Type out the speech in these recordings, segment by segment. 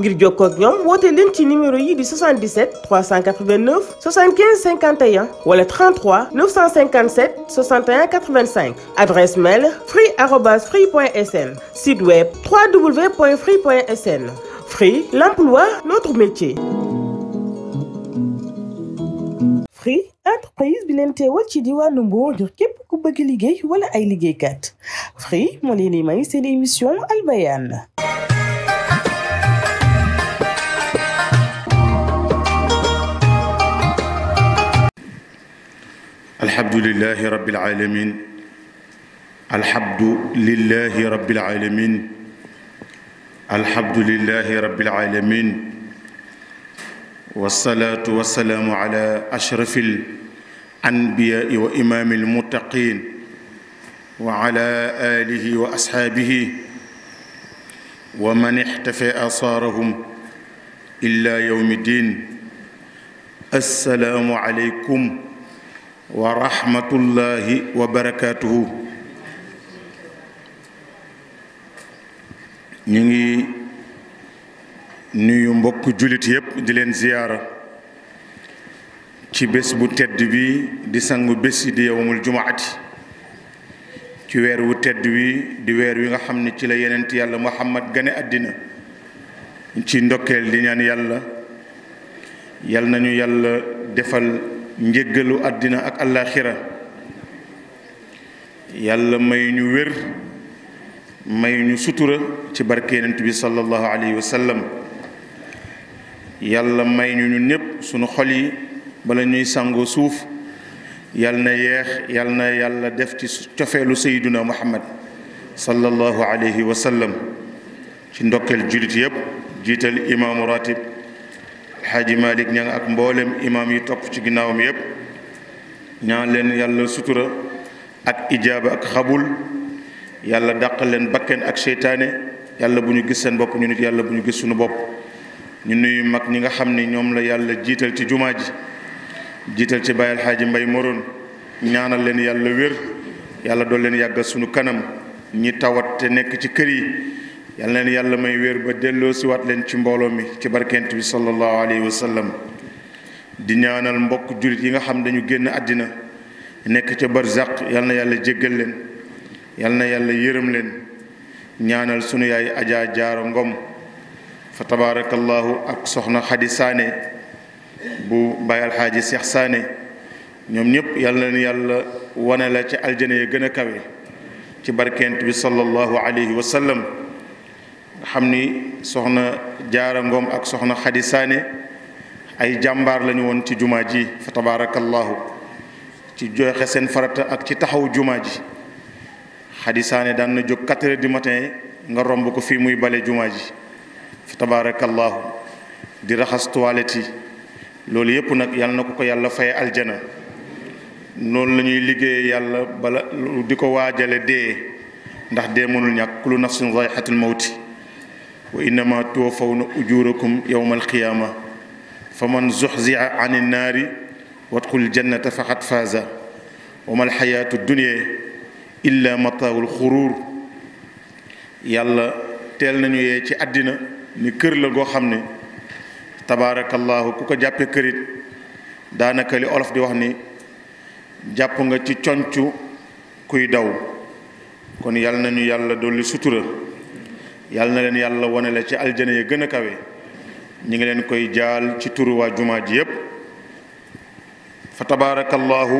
ngir jokkoo ak ñoom woote leen ci numéro yi di 77 389 75 51 wala 33 957 61 85 adresse mail free site web www.free.sn. Free, l'emploi, notre métier. Free entreprise bi leen teewal ci diwaanu Mbour ngir képp ku bëgg liggéey wala ay liggéeykat Free moo leen di may seen émission الحمد لله رب العالمين الحمد لله رب العالمين الحمد لله رب العالمين والصلاة والسلام على أشرف الأنبياء وإمام المتقين وعلى آله وأصحابه ومن احتفى آثارهم إلا يوم الدين السلام عليكم wa rahmatullahi wa barakaatuhu ñu ngi nuyu mbokk jullit yépp di leen ziyaara ci bés bu tedd bi di sangu bés yi di yowmul jumaati ci weer wu tedd wi di weer wi nga xam ne ci la yenent yàlla muhammad gane àddina ci ndokkeel di ñaan yàlla yal nañu yàlla defal njëggalu àddina ak àllaaxira yàlla may ñu wér may ñu sutura ci barke bi sallallahu alayhi wa yàlla may ñu ñu ñépp sunu xol yi bala ñuy sàngoo suuf yàlla na yeex yàlla na yàlla def ci cofeelu sayduna muhammad sallallahu alayhi wa ci ndokkeel jullit yépp jiital imaamu ratib xaaji Malick ñang ak mboolem imaam yi topp ci ginnaawam yépp ñaan leen yàlla sutura ak ijaaba ak xabul yàlla dàq leen bakken ak seytaane yàlla bu ñu gis seen bopp ñu nit yàlla bu ñu gis suñu bopp ñu nuyu mag ñi nga xam ni ñoom la yàlla jiital ci jumaa ji jiital ci bàyyil xaaji mbay moroon ñaana leen yàlla wér yàlla dool leen yàggal suñu kanam ñi tawat te nekk ci kër yi yal na leen yàlla may wér ba delloo siwaat leen ci mbooloo mi ci barkent bi sallallahu alayhi wa sallam di ñaanal mbokk jullit yi nga xam dañu génn àddina nekk ca barzaq yal na yàlla jéggal leen yal na yàlla yërëm leen ñaanal sunu yaay Adja Jaaro Ngom fa tabaarakallaahu ak soxna Xadi Saane bu Baay Alxaaji Seex Saane ñoom ñëpp yàlla na leen yàlla wane la ci aljana ya gën a kawe ci barkent bi sallallahu alayhi wa sallam xam ni soxna jaara ngoom ak soxna xadi saane ay jàmbaar lañu woon ci jumaa ji fa tabaarakallaahu ci joxe seen farata ak ci taxaw jumaa ji xadi saane daan na jóg 4 heures du matin nga romb ko fii muy bale jumaa ji fa tabaarakallaahu di raxas toilette yi loolu yëpp nag yàlla na ko ko yàlla faye aljana noonu la ñuy liggéeye yàlla bala di ko waajale dee ndax dee mënul ñàkk kullu nafsin zaa'iqatul mawti وإنما توفون أجوركم يوم القيامة فمن زحزع عن النار وادخل الجنة فقد فاز وما الحياة الدنيا إلا متاع الخرور يلا تيل نيو يتي أدنى نكر لغو خمني تبارك الله كوكا جاب كريت دانا كالي أولف دي وحني جابونغا تي تشونتو كوي داو كون يالنا نيو يالا دولي سوتورا yàlla na leen yàlla wane la ci aljana ya gën a kawe ñi ngi leen koy jaal ci turuwaa jumaa ji yépp fa tabaarakallaahu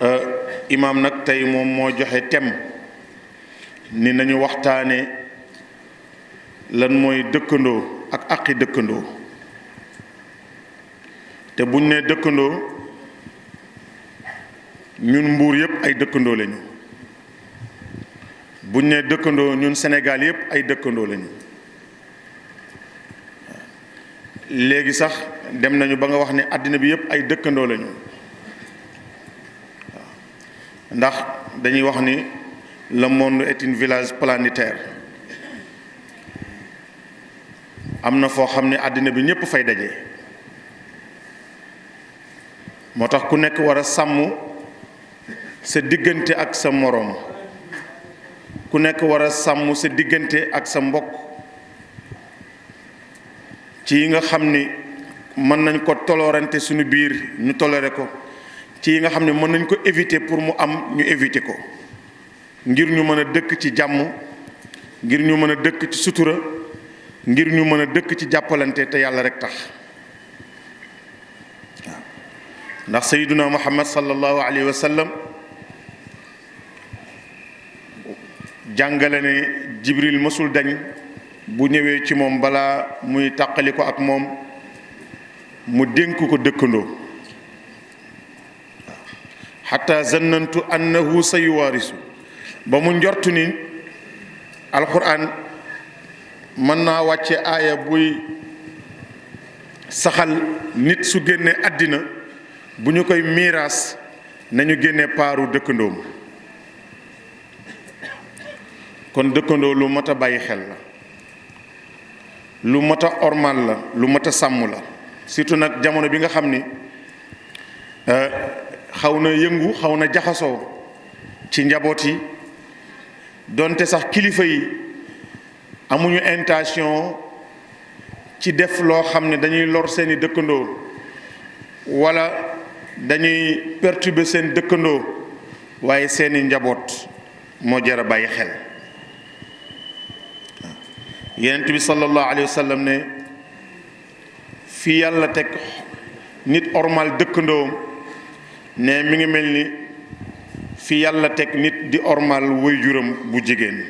euh, imaam nag tey moom moo joxe tem ni nañu waxtaane lan mooy dëkkandoo ak àqi dëkkandoo te buñ ne dëkkandoo ñun mbuur yépp ay dëkkandoo lañu buñ nee dëkkandoo ñun senegal yëpp ay dëkkandoo lañu léegi sax dem nañu ba nga wax ni àddina bi yëpp ay dëkkandoo lañu ndax dañuy wax ni la monde est village planétaire am na foo xam ne àddina bi ñëpp fay daje moo tax ku nekk war a sàmm sa diggante ak sa moroom ku nekk war a sàmm sa diggante ak sa mbokk ci yi nga xam ni mën nañ ko tolorante suñu biir ñu tolore ko ci yi nga xam ne mën nañ ko éviter pour mu am ñu éviter ko ngir ñu mën a dëkk ci jàmm ngir ñu mën a dëkk ci sutura ngir ñu mën a dëkk ci jàppalante te yàlla rek tax waaw ndax sayyiduna muhammad sallallahu alayhi wa sallam jàngale ne jibril mësul dañ bu ñëwee ci moom balaa muy tàqali ko ak moom mu dénk ko dëkkandoo xatta zannantu annahu sa yuwaarisu ba mu njortu ni alquran mën naa wàcce aaya buy saxal nit su génne àddina bu ñu koy miiraas nañu génne paaru dëkkandoom kon dëkkandoo lu mat a bàyyi xel la lu mat a ormal la lu mat a sàmm la surtout nag jamono bi nga xam ni euh, xaw na yëngu xaw na jaxasoo ci njaboot yi doonte sax kilifa yi amuñu intention ci def loo xam ne dañuy lor seeni dëkkandoo walla dañuy perturber seen dëkkandoo waaye seeni njaboot moo jar a bàyyi xel yonent bi sallallahu alayhi wa sallam ne fi yàlla teg nit ormal dëkkandoom ne mi ngi mel ni fi yàlla teg nit di ormal waajuram bu jigéen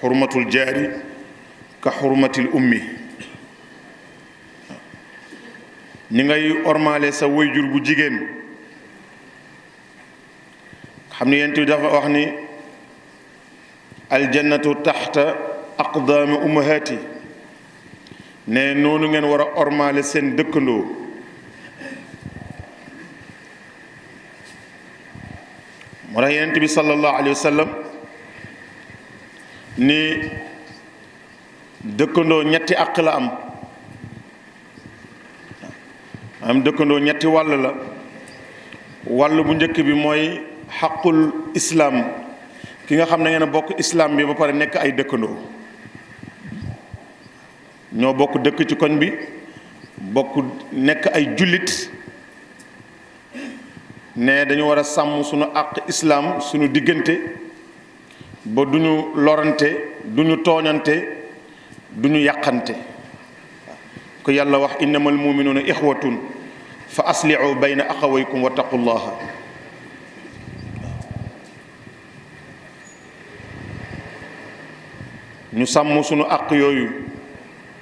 xurmatul jaari ka xurmatil ummi ni ngay ormale sa waajur bu jigéen xam ni bi dafa wax ni aljannatu taxta aqdaami ummahaati ne noonu ngeen war a ormaale seen dëkkandoo moo tax yonent bi sallallahu alayhi wa ni dëkkandoo ñetti àq la am am dëkkandoo ñetti wàll la wàll bu njëkk bi mooy xaqul islaam ki nga xam ne ngeen bokk islaam bi ba pare nekk ay dëkkandoo ñoo bokk dëkk ci koñ bi bokk nekk ay jullit ne dañu war a sàmm suñu àq islaam suñu diggante ba duñu lorante duñu tooñante duñu yàqante ko yàlla wax innamal muminuuna ixwatun fa aslihu bayna axawaykum wa taqullaha ñu sàmm sunu àq yooyu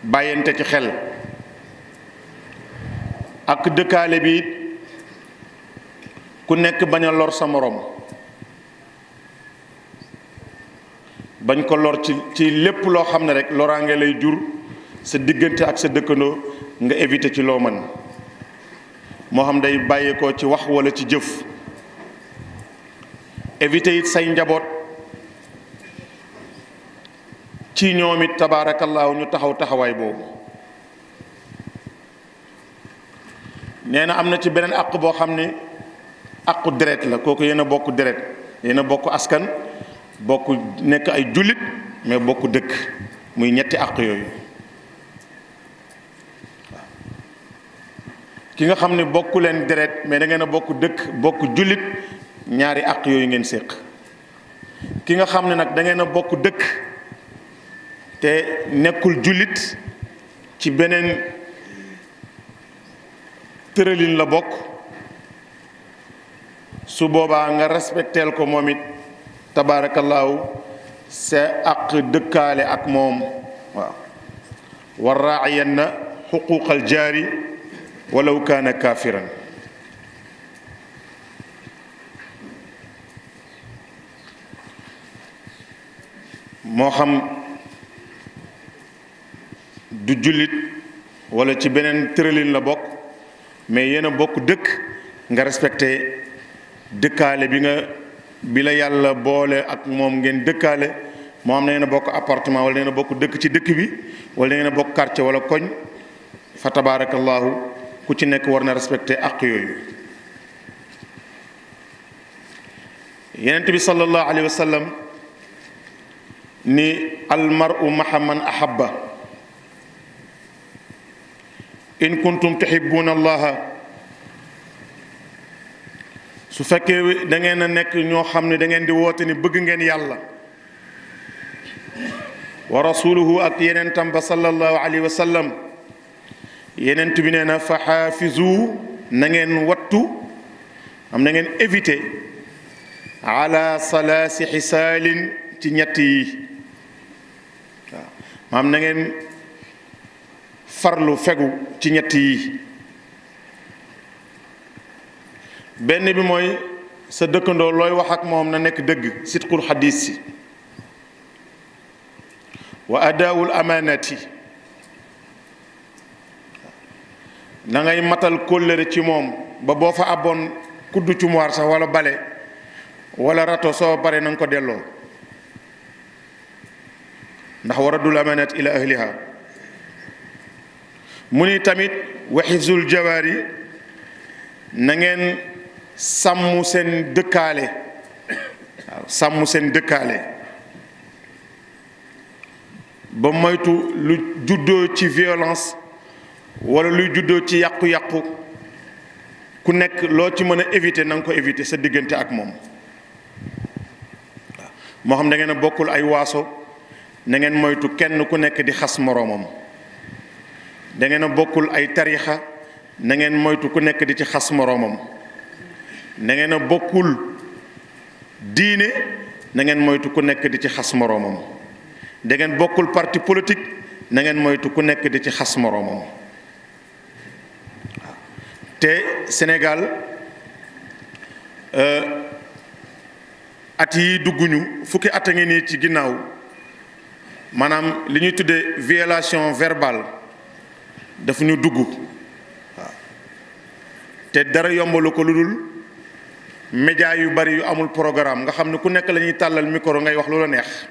bàyyante ci xel ak dëkkaale bi it ku nekk bañ a lor sa moroom bañ ko lor ci ci lépp loo xam ne rek loraange lay jur sa diggante ak sa dëkkandoo nga éviter ci loo mën moo xam day bàyyeekoo ci wax walla ci jëf éviter it say njaboot. ci ñoom it tabaarakallaahu ñu taxaw taxawaay boobu nee na am na ci beneen àq boo xam ne àqu deret la kooku yéen a bokk deret yéen a bokk askan bokk nekk ay jullit mais bokk dëkk muy ñetti àq yooyu ki nga xam ne bokk leen deret mais da ngeen a bokk dëkk bokk jullit ñaari àq yooyu ngeen séq ki nga xam ne nag dangeen a bokk dëkk te nekkul jullit ci beneen tërëlin la bokk su boobaa nga respecteel ko moom it tabaarakallaahu sa ak dëkkaale ak moom waaw war raayan na xuquqal jaari walaw kaana kaafiran moo xam du jullit wala ci beneen tëralin la bokk mais yéen a bokk dëkk nga respecté dëkkaale bi nga bi la yàlla boole ak moom ngeen dëkkaale moo am na yéen a bokk appartement wala yéen a bokk dëkk ci dëkk bi wala yéen a bokk quartier wala koñ fa tabaarakallaahu ku ci nekk war na respecté àq yooyu yenent bi sallallahu alayhi wa sallam ni almaru mahaman ahabba in kuntum tuhibbuna allaha su fekkee da ngeen a nekk ñoo xam ne da ngeen di woote ni bëgg ngeen yàlla wa rasuluhu ak yenentam ba sallallahu alayhi wa sallam yenent bi nee na fa xaafizu na ngeen wattu am na ngeen éviter ala salaasi xisaalin ci ñett yi waaw maam na ngeen farlu fegu ci ñett yi benn bi mooy sa dëkkandoo looy wax ak moom na nekk dëgg sidqul xadiis si wa adaawul amaanaat yi na matal kóllëre ci moom ba boo fa aboon kuddu ci muwaar sax wala bale wala rato soo bare na ko delloo ndax waradul amaanaat ila ahliha mu ni tamit waxisul jawaar yi na ngeen sàmm seen dëkkaale waaw sàmm seen dëkkaale ba moytu lu juddoo ci violence walla luy juddoo ci yàqu-yàqu ku nekk loo ci mën a éviter na nga ko éviter sa diggante ak moom waaw moo xam da ngeen a bokkul ay waaso na ngeen moytu kenn ku nekk di xas moroomam da ngeen a bokkul ay tarixa na ngeen moytu ku nekk di ci xas moroomam na ngeen a bokkul diine na ngeen moytu ku nekk di ci xas moroomam da ngeen bokkul parti politique na ngeen moytu ku nekk di ci xas moroomam te Sénégal euh, at yi dugguñu fukki at a ngi nii ci ginnaaw maanaam li ñuy tuddee violation verbale dafa ñu dugg waaw te dara yombalu ko lu dul média yu bari yu amul programme nga xam ne ku nekk lañuy tàllal micro ngay wax lu la neex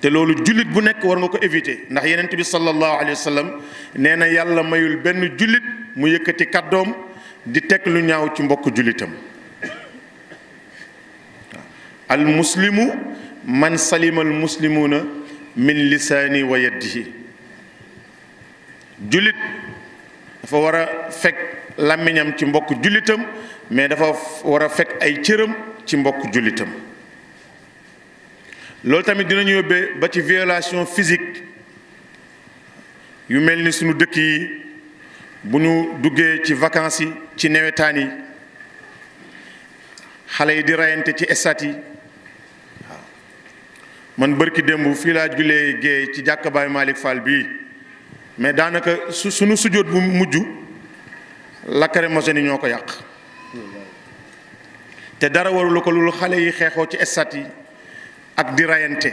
te loolu jullit bu nekk war nga ko éviter ndax yenent bi sallallahu alayhi wa sallam nee na yàlla mayul benn jullit mu yëkkati kàddoom di teg lu ñaaw ci mbokk jullitam al muslimu man salima al muslimuna min lisaani wa yadihi jullit dafa war a fekk làmmiñam ci mbokk jullitam mais dafa war a fekk ay cëram ci mbokk jullitam loolu tamit dinañu yóbbee ba ci violation physique yu mel ni sunu dëkk yi bu ñu duggee ci vacances ci newetaan yi xale yi di rayante ci stade yi man bërki démb fii laa jullee géey ci jàkka baay Malick bii mais daanaka su suñu sujjóot bu mujj la lacrymogène ni ñoo ko yàq te dara warul ko lu xale yi xeexoo ci stade yi ak di rayante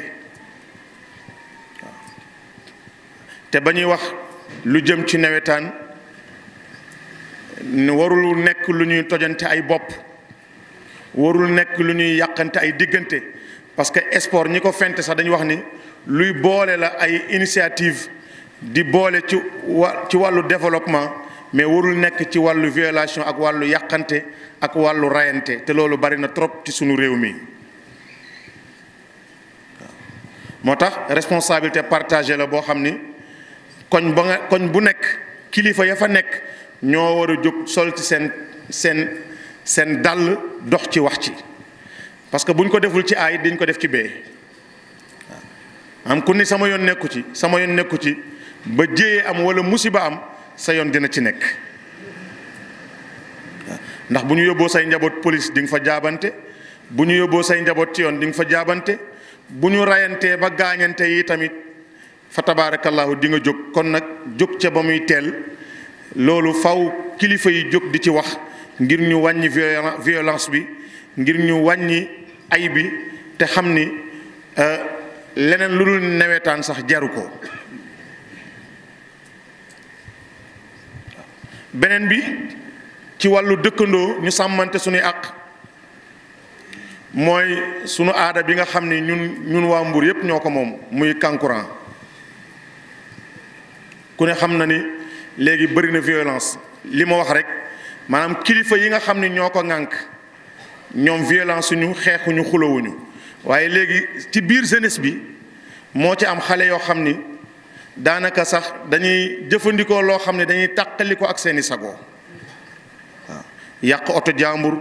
te ba ñuy wax lu jëm ci nawetaan warul nekk lu ñuy tojante ay bopp warul nekk lu ñuy yàqante ay diggante parce que sport ñi ko fent sax dañuy wax ni luy boole la ay initiative di boole ci ci wàllu développement mais warul nekk ci wàllu violation ak wàllu yàqante ak wàllu rayante te loolu bari na trop ci sunu réew mi moo responsabilité partagée la boo xam ni koñ ba bu nekk kilifa ya fa nekk ñoo war a jóg sol ci seen seen seen dàll dox ci wax ci parce que buñ ko deful ci A it dañ ko def ci B am ku ni sama yoon nekku ci sama yoon nekku ci. ba jeeye am wala musiba am sa yoon dina ci nekk ndax bu ñu yóbboo say njaboot police di nga fa jaabante bu ñu yóbboo say njaboot ci yoon di nga fa jaabante bu ñu rayantee ba gaañante yi tamit fa tabaarakallahu di nga jóg kon nag jóg ca ba muy teel loolu faw kilifa yi jóg di ci wax ngir ñu wàññi violence bi ngir ñu wàññi ay bi te xam ni euh, leneen lu dul newetaan sax jaru ko beneen bi ci wàllu dëkkandoo ñu sàmmante suñuy àq mooy suñu aada bi nga xam ni ñun ñun waa Mbour yépp ñoo ko moom muy kankurang ku ne xam na ni léegi bëri na violence li ma wax rek maanaam kilifa yi nga xam ni ñoo ko ŋànk ñoom violence suñu xeexuñu xulowuñu waaye léegi ci biir jeunesse bi moo ci am xale yoo xam ni daanaka sax dañuy jëfandikoo loo xam ne dañuy tàqali ko ak seeni sago yàq oto jàmbur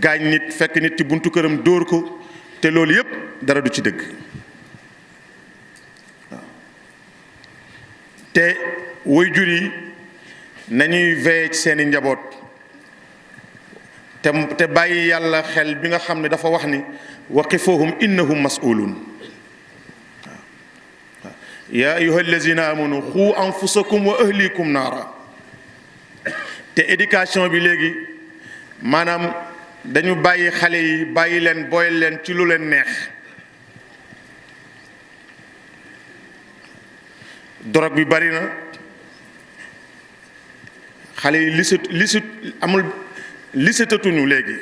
gaañ nit fekk nit ci buntu këram dóor ko te loolu yépp dara du ci dëgg te waajur yi nañuy veillé ci seeni njaboot te te bàyyi yàlla xel bi nga xam ne dafa wax ni waqifuhum innahum mas'ulun يا أيها الذين آمنوا خو أنفسكم وأهليكم نارا تأديكاشن بلغي مانام دانيو باي خالي باي لن بوي لن تلو لن نخ درق ببارينا خالي لسط لسط أمول لسط تونو لغي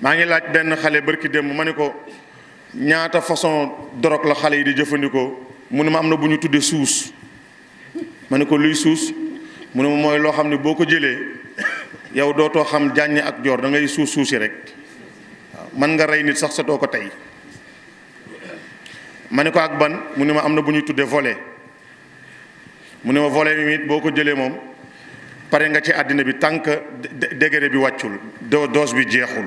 ماني لات بن خالي بركي دمو مانيكو ñaata façon drogue la xale yi di jëfandikoo mu ne ma am na bu ñu tuddee suus ma ne ko luy suus mu ne ma mooy loo xam ne boo ko jëlee yow dootoo xam jàññ ak joor dangay ngay suus suusi rek waaw mën nga rey nit sax sa ko tey ma ne ko ak ban mu ne ma am na bu ñu tuddee volet mu ne ma volet mi it boo ko jëlee moom pare nga ci àddina bi tànk degré bi wàccul doo doos bi jeexul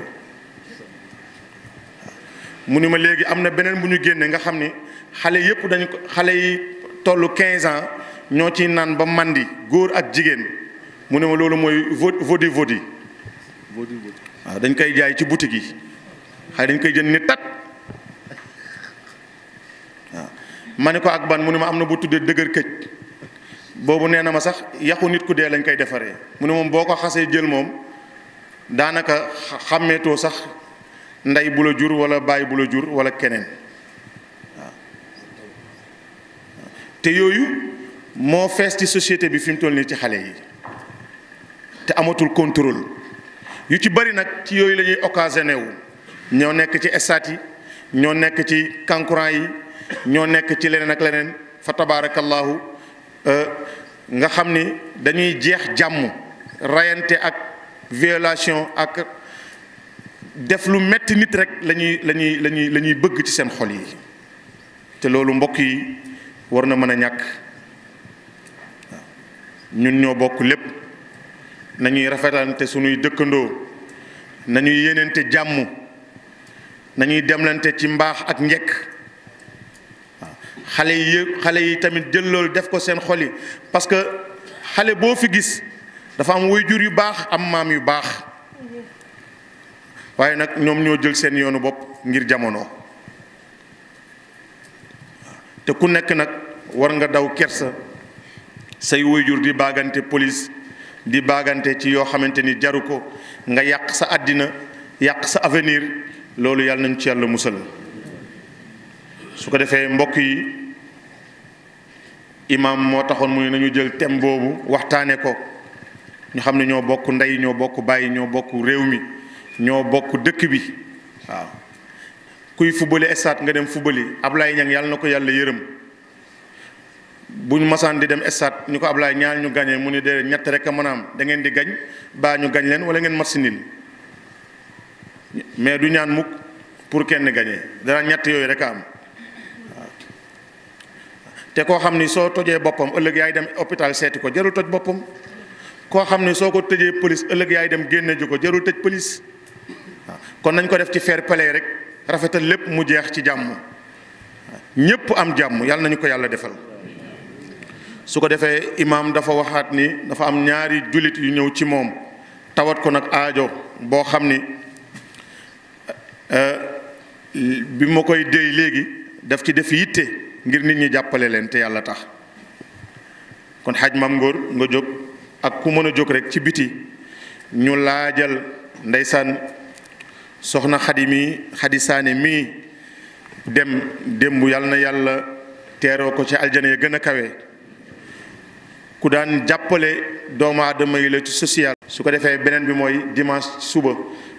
mu ni ma léegi am na beneen bu ñu génnee nga xam ni xale yëpp dañ ko xale yi tollu 15 ans ñoo ciy naan ba màndi góor ak jigéen mu ne ma loolu mooy vodi vodi waaw dañ koy jaay ci boutique yi xale dañ koy jën ni tat waaw ma ne ko ak ban mu ne ma am na bu tuddee dëgër këj boobu nee na ma sax yaxu nit ku dee lañ koy defaree mu ne moom boo ko xasee jël moom daanaka xàmmeetoo sax ndey bu la jur wala baay bu la jur wala keneen waaw te yooyu moo fees ci société bi fi toll nii ci xale yi te amatul contrôle yu ci bari nag ci yooyu lañuy ñuy occasionné wu ñoo nekk ci estaat yi ñoo nekk ci kankuran yi ñoo nekk ci leneen ak leneen fa tabaarakallaahu euh, nga xam ni dañuy jeex jàmm rayante ak violation ak def lu metti nit rek lañuy lañuy lañuy bëgg ci seen xol yi te loolu mbokk yi war na mën a ñàkk ñun ñoo bokk lépp nañuy rafetalante suñuy dëkkandoo nañuy yéenante jàmm nañuy demlante ci mbaax ak njekk waaw xale yi xale yi tamit jël loolu def ko seen xol yi parce que xale boo fi gis dafa am jur yu baax am maam yu baax waaye nag ñoom ñoo jël seen yoonu bopp ngir jamono te ku nekk nag war nga daw kersa say waajur di bàggante police di bàggante ci yoo xamante ni jaru ko nga yàq sa àddina yàq sa avenir loolu yàlla nañ ci yàlla musal su ko defee mbokk yi imaam moo taxoon mu ne nañu jël thème boobu waxtaane ko ñu xam ne ñoo bokk ndey ñoo bokk bàyyi ñoo bokk réew mi ñoo bokk dëkk bi waaw kuy fubali stade nga dem fubali Ablaye Niang yàlla na ko yàlla yërëm bu masaan di dem stade ñu ko Ablaye ñaar ñu gañee mu ni de ñett rek a a am dangeen di gañ baa ñu gañ leen wala ngeen matsi niin mais du ñaan mukk pour kenn gañee dana ñett yooyu rek a am te koo xam ni soo tojee boppam ëllëg yaay dem hôpital seeti ko jarul toj boppam koo xam ni soo ko tëjee police ëllëg yaay dem génne ji ko jarul tëj police kon nañ ko def ci fair play rek rafetal lépp mu jeex ci jàmm ñépp am jàmm yàlla nañu ko yàlla defal su ko defee imaam dafa waxaat ni dafa am ñaari jullit yu ñëw ci moom tawat ko nag aajo boo xam ni eh, bi ma koy déy léegi daf ci def yitte ngir nit ñi jàppale leen te yàlla tax kon xaj mam ngóor nga jóg ak ku mën a jóg rek ci biti ñu laajal ndeysaan soxna xadi mi xadi saane mii dem démb yàlla na yàlla teeroo ko ci aljana ya gën a kawe ku daan jàppale doomu aadama yi la ci social su ko defee beneen bi mooy dimanche suba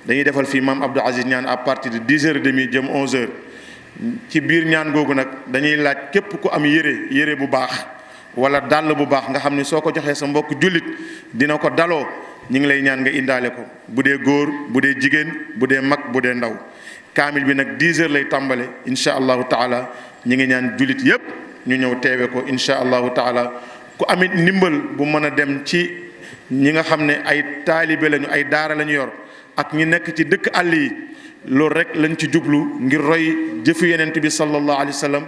dañuy defal fii maam Abdou Aziz ñaan à partir de dix heures et demie jëm onze heures ci biir ñaan googu nag dañuy laaj képp ku am yére yére bu baax wala dàll bu baax nga xam ni soo ko joxee sa mbokk jullit dina ko daloo ñi ngi lay ñaan nga indaale ko bu dee góor bu dee jigéen bu dee mag bu dee ndaw kaamil bi nag 10 heures lay tàmbale incha allahu taala ñi ngi ñaan jullit yépp ñu ñëw teewe ko incha allahu taala ku amit ndimbal bu mën a dem ci ñi nga xam ne ay taalibe lañu ay daara lañu yor ak ñi nekk ci dëkk àll yi loolu rek lañ ci jublu ngir roy jëfu yenent bi sallallahu alayhi wa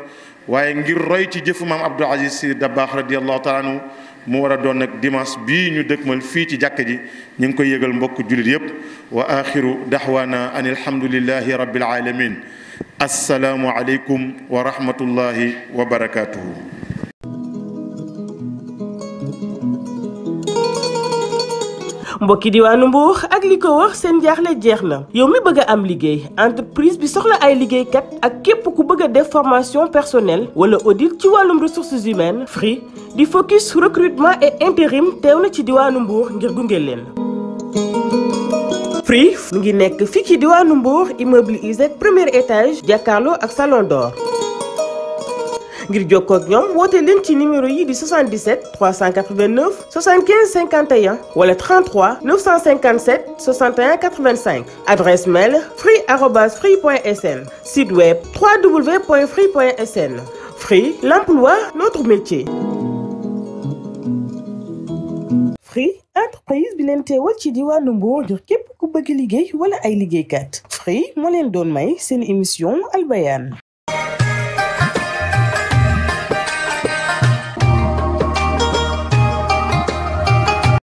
waaye ngir roy ci jëf maam Abdou Aziz Sy Dabakh radiyallahu taala anhu mu war a doon nag dimanche bii ñu dëkkmal fii ci jàkk ji ñu ngi koy yëgal mbokk julit yépp wa axiru daxwaana an alhamdulillahi rabbil alamin assalaamu alaykum wa rahmatullahi wa barakaatuhu mbokki diwanu Mbour ak liko wax sen jaxle jeexna yow mi bëgg am liggéey entreprise bi soxla ay liggéey kat ak képp ku bëgg def formation personnelle wala audit ci wàllum ressources humaines Free di focus recrutement et intérim teew na ci diwanu Mbour ngir gunge leen. Free mu ngi nekk fii ci diwanu Mbour immeuble IZ premier étage jàkkaarloo ak salon d'or ngir Cognon, ak ñom leen numéro yi 77 389 75 51 wala 33 957 61 85 adresse mail free.free.sn, site web www.free.sn. Free, l'emploi, notre métier. Free entreprise bi leen ci ku bëgg liggéey wala ay Free moo leen doon may seen émission albayane